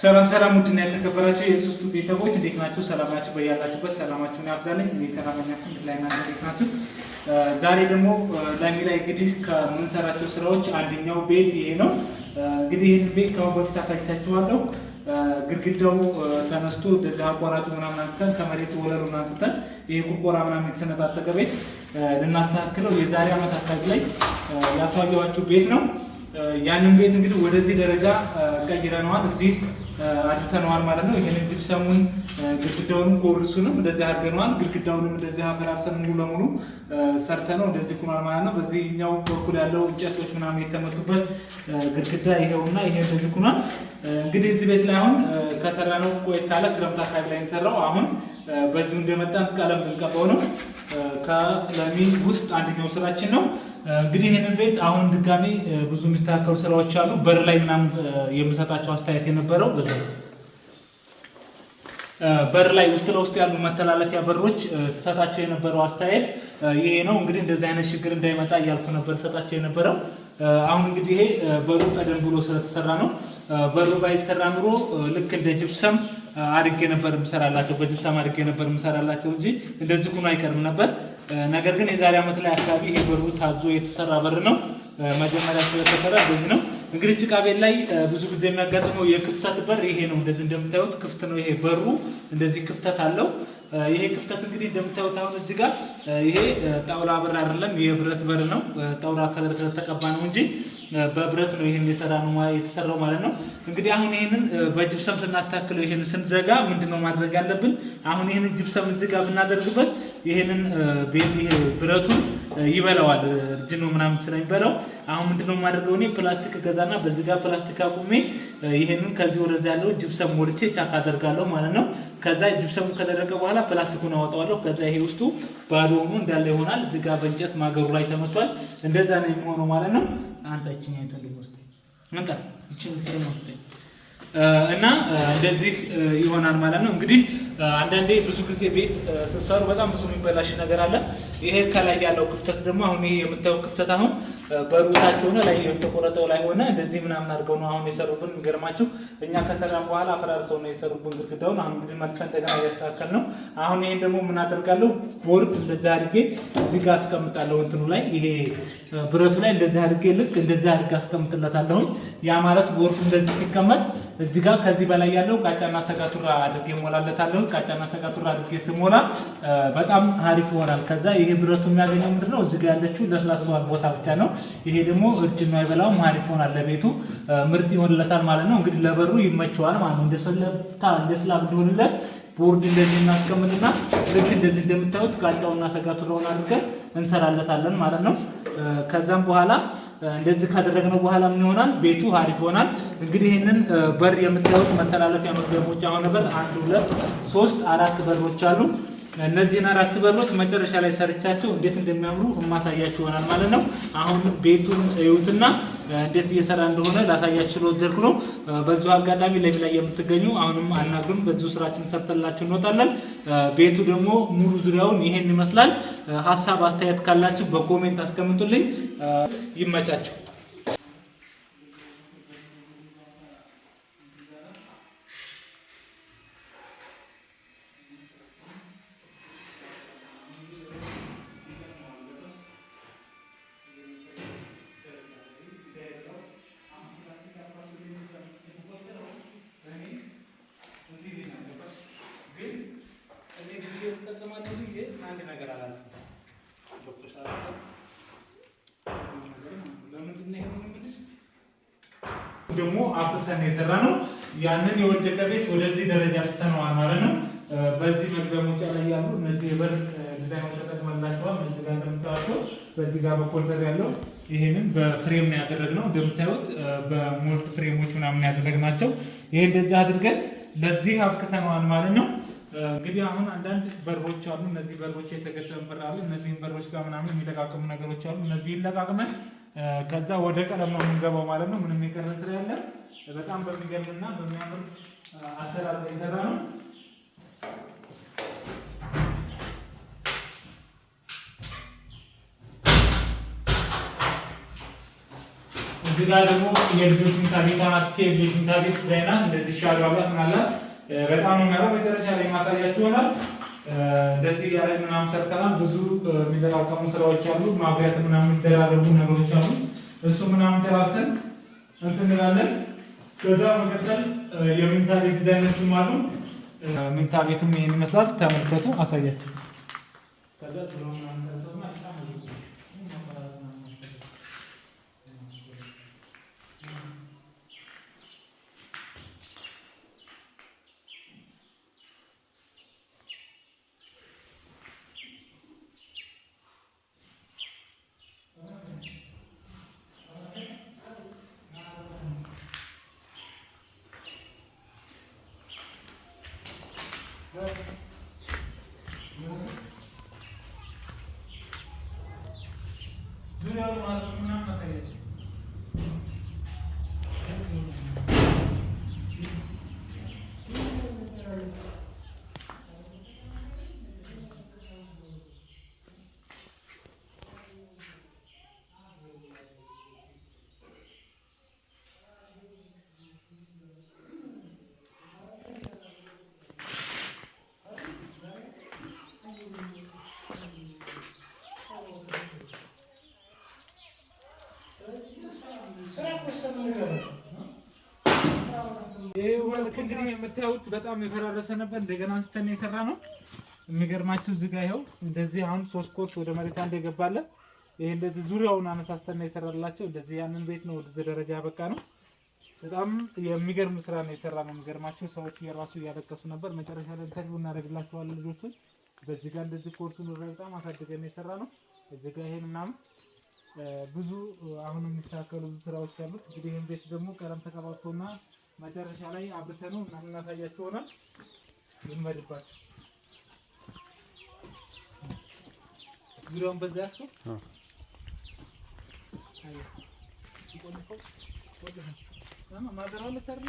ሰላም ሰላም፣ ውድና የተከበራቸው የሶስቱ ቤተሰቦች እንዴት ናቸው? ሰላማችሁ በያላችሁበት ሰላማችሁን ያብዛለኝ። እኔ ሰላመኛችን ላይና እንዴት ናቸው? ዛሬ ደግሞ ላሚ ላይ እንግዲህ ከምንሰራቸው ስራዎች አንደኛው ቤት ይሄ ነው። እንግዲህ ይህን ቤት ከአሁን በፊት አሳይቻችኋለሁ። ግድግዳው ተነስቶ እንደዚህ አቋራጭ ምናምን አንስተን ከመሬት ወለሉን አንስተን ይሄ ቁቆራ ምናምን የተሰነጣጠቀ ቤት ልናስተካክለው የዛሬ ዓመት አካባቢ ላይ ያሳየኋችሁ ቤት ነው። ያንን ቤት እንግዲህ ወደዚህ ደረጃ ቀይረነዋል። እዚህ አድሰነዋል ማለት ነው። ይህንን ጅብሰሙን ግድግዳውንም ኮርሱንም እንደዚህ አድርገነዋል። ግድግዳውንም እንደዚህ አፈራርሰን ሙሉ ለሙሉ ሰርተ ነው እንደዚህ ቁኗል ማለት ነው። በዚህኛው በኩል ያለው እንጨቶች ምናምን የተመቱበት ግድግዳ ይሄውና ይሄ እንደዚህ ቁኗል። እንግዲህ እዚህ ቤት ላይ አሁን ከሰራነው ቆየት አለ። ክረምት አካባቢ ላይ የሰራው አሁን በዚሁ እንደመጣን ቀለም ልንቀባው ነው። ከለሚን ውስጥ አንደኛው ስራችን ነው። እንግዲህ ይህንን ቤት አሁን ድጋሜ ብዙ የሚስተካከሉ ስራዎች አሉ። በር ላይ ምናምን የምሰጣቸው አስተያየት የነበረው በር ላይ ውስጥ ለውስጥ ያሉ መተላለፊያ በሮች ስሰጣቸው የነበረው አስተያየት ይሄ ነው። እንግዲህ እንደዚህ አይነት ችግር እንዳይመጣ እያልኩ ነበር ሰጣቸው የነበረው። አሁን እንግዲህ ይሄ በሩ ቀደም ብሎ ስለተሰራ ነው። በሩ ባይሰራ ኑሮ ልክ እንደ ጅብሰም አድጌ ነበር የምሰራላቸው፣ በጅብሰም አድጌ ነበር የምሰራላቸው እንጂ እንደዚህ ሆኖ አይቀርም ነበር። ነገር ግን የዛሬ ዓመት ላይ አካባቢ ይሄ በሩ ታዞ የተሰራ በር ነው። መጀመሪያ ስለተሰራ በዚህ ነው። እንግዲህ ጭቃ ቤት ላይ ብዙ ጊዜ የሚያጋጥመው የክፍተት በር ይሄ ነው። እንደዚህ እንደምታዩት ክፍት ነው። ይሄ በሩ እንደዚህ ክፍተት አለው። ይሄ ክፍተት እንግዲህ እንደምታዩት አሁን እዚህ ጋር ይሄ ጣውላ በር አይደለም፣ ይሄ ብረት በር ነው። ጣውላ ከለር ስለተቀባ ነው እንጂ በብረት ነው ይሄን የሰራ ነው የተሰራው ማለት ነው። እንግዲህ አሁን ይሄንን በጅብሰም ስናታክለው ይሄን ስንዘጋ ምንድነው ማድረግ ያለብን? አሁን ይሄንን ጅብሰም እዚህ ጋር ብናደርግበት ይሄንን ቤት ይሄ ብረቱን ይበላዋል እርጅኖ ምናምን ስለሚበላው አሁን ምንድነው ማድረገው? እኔ ፕላስቲክ ገዛና በዚህ ጋር ፕላስቲክ አቁሜ ይሄንን ከዚህ ወደዛ ያለው ጅብሰም ሞልቼ ቻክ አደርጋለሁ ማለት ነው። ከዛ ጅብሰሙ ከደረቀ በኋላ ፕላስቲኩን አወጣዋለሁ። ከዛ ይሄ ውስጡ ባዶ ሆኖ እንዳለ ይሆናል። እዚጋ በእንጨት ማገሩ ላይ ተመቷል። እንደዛ ነው የሚሆነው ማለት ነው። አንታችን እና እንደዚህ ይሆናል ማለት ነው። እንግዲህ አንዳንዴ ብዙ ጊዜ ቤት ስትሰሩ በጣም ብዙ የሚበላሽ ነገር አለ። ይሄ ከላይ ያለው ክፍተት ደግሞ አሁን ይሄ የምታየው ክፍተት አሁን በሩታቸው ሆነ ላይ የተቆረጠው ላይ ሆነ እንደዚህ ምናምን አድርገው ነው አሁን የሰሩብን። የሚገርማችሁ እኛ ከሰራን በኋላ አፈራርሰው ነው የሰሩብን ግድግዳውን። አሁን እንግዲህ መልሰን እንደገና እያስተካከል ነው። አሁን ይህን ደግሞ ምን አደርጋለሁ? ቦርድ እንደዛ አድርጌ እዚህ ጋር አስቀምጣለሁ። እንትኑ ላይ ይሄ ብረቱ ላይ እንደዚህ አድርጌ ልክ እንደዚህ አድርጌ አስቀምጥለታለሁኝ። ያ ማለት ቦርድ እንደዚህ ሲቀመጥ እዚህ ጋር ከዚህ በላይ ያለው ቃጫና ሰጋቱራ አድርጌ ሞላለታለሁ። ቃጫና ሰጋቱራ አድርጌ ስሞላ በጣም አሪፍ ይሆናል። ከዛ ይሄ ብረቱ የሚያገኘው ምንድነው? እዚህ ጋር ያለችው ለስላሳዋን ቦታ ብቻ ነው። ይሄ ደግሞ እርጅና አይበላውም፣ አሪፍ ይሆናል። ለቤቱ ምርጥ ይሆንለታል ማለት ነው። እንግዲህ ለበሩ ይመቸዋል ማለት ነው። እንደሰለታ ሰለታ እንደሆንለት ቦርድ እንደዚህ እናስቀምጥና ልክ እንደዚህ እንደምታዩት ቃጫውና ሰጋቱራውን አድርገን እንሰራለታለን ማለት ነው። ከዛም በኋላ እንደዚህ ካደረግነው በኋላ ምን ይሆናል? ቤቱ አሪፍ ይሆናል። እንግዲህ ይህንን በር የምታዩት መተላለፊያ መግቢያ መውጫ የሆነ በር አንድ፣ ሁለት፣ ሶስት፣ አራት በሮች አሉ። እነዚህን አራት በሮች መጨረሻ ላይ ሰርቻቸው እንዴት እንደሚያምሩ እማሳያችሁ ይሆናል ማለት ነው። አሁን ቤቱን እዩትና እንዴት እየሰራ እንደሆነ ላሳያችሁ ወደድኩ ነው። በዚሁ አጋጣሚ ለሚ ላይ የምትገኙ አሁንም አናግሩን። በዚሁ ስራችን ሰርተላችሁ እንወጣለን። ቤቱ ደግሞ ሙሉ ዙሪያውን ይሄን ይመስላል። ሀሳብ አስተያየት ካላችሁ በኮሜንት አስቀምጡልኝ። ይመቻችሁ። አንድ ነገር አላልፍም። ዶክተር ሻ ለምንድን ነው ይሄ ምንድን ደግሞ አፍሰን የሰራ ነው። ያንን የወደቀ ቤት ወደዚህ ደረጃ ትተነዋል ማለት ነው። በዚህ መግቢያ ላይ ያሉ እነዚህ የበር ዲዛይን ተጠቅመላቸዋል። እዚህ ጋር እንደምታዋቸው በዚህ ጋር በኮልደር ያለው ይህንን በፍሬም ነው ያደረግነው። እንደምታዩት በሞልድ ፍሬሞች ምናምን ያደረግናቸው። ይህ እንደዚህ አድርገን ለዚህ አብቅተነዋል ማለት ነው። እንግዲህ አሁን አንዳንድ በሮች አሉ። እነዚህ በሮች የተገጠመ በር አሉ። እነዚህን በሮች ጋር ምናምን የሚለቃቅሙ ነገሮች አሉ። እነዚህን ለቃቅመን ከዛ ወደ ቀለም ነው የምንገባው ማለት ነው። ምንም የቀረ ስራ ያለ በጣም በሚገርም በሚገርምና በሚያምር አሰራር የሰራ ነው። እዚህ ጋር ደግሞ የልጆች ምታቤት ቤት አናትቼ የልጆች ምታ ቤት እንደዚህ ሻሉ አብላት ምናላት በጣም የሚያምረው መጨረሻ ላይ ማሳያችሁ ይሆናል። እንደዚህ ያደረግ ምናምን ሰርተናል። ብዙ የሚጠራቀሙ ስራዎች አሉ። ማብሪያት ምናምን የሚደራረጉ ነገሮች አሉ። እሱ ምናምን ጨራርሰን እንትንላለን። እንላለን። ከዛ መቀጠል የምንታ ቤት ዲዛይኖችም አሉ። ምንታ ቤቱም ይሄን ይመስላል። ተመልከቱ፣ አሳያችሁ ከዛ ይህ ልክ እንግዲህ የምታዩት በጣም የፈራረሰ ነበር። እንደገና አንስተን የሰራ ነው። የሚገርማችሁ እዚህ ጋር ይኸው እንደዚህ አሁን ሶስት ኮት ወደ መሬት አንድ የገባለ ይህ እንደዚህ ዙሪያውን አነሳስተን የሰራላቸው እንደዚህ ያንን ቤት ነው ወደዚህ ደረጃ ያበቃ ነው። በጣም የሚገርም ስራ ነው የሰራ ነው። የሚገርማችሁ ሰዎች የራሱ እያለቀሱ ነበር። መጨረሻ ላይ ኢንተርቪው እናደርግላቸዋለን ልጆቹን በዚህ ጋር እንደዚህ ኮርሱን በጣም አሳድገን የሰራ ነው። እዚህ ጋር ይሄን ምናምን ብዙ አሁን የሚስተካከሉ ብዙ ስራዎች አሉት። እንግዲህ ይህን ቤት ደግሞ ቀለም ተቀባቶና መጨረሻ ላይ አብርተ ነው እና እናሳያቸው ሆናል ይመድባቸው ዙሪያውን በዛ ያስኩ ማዘራው ልሰርነ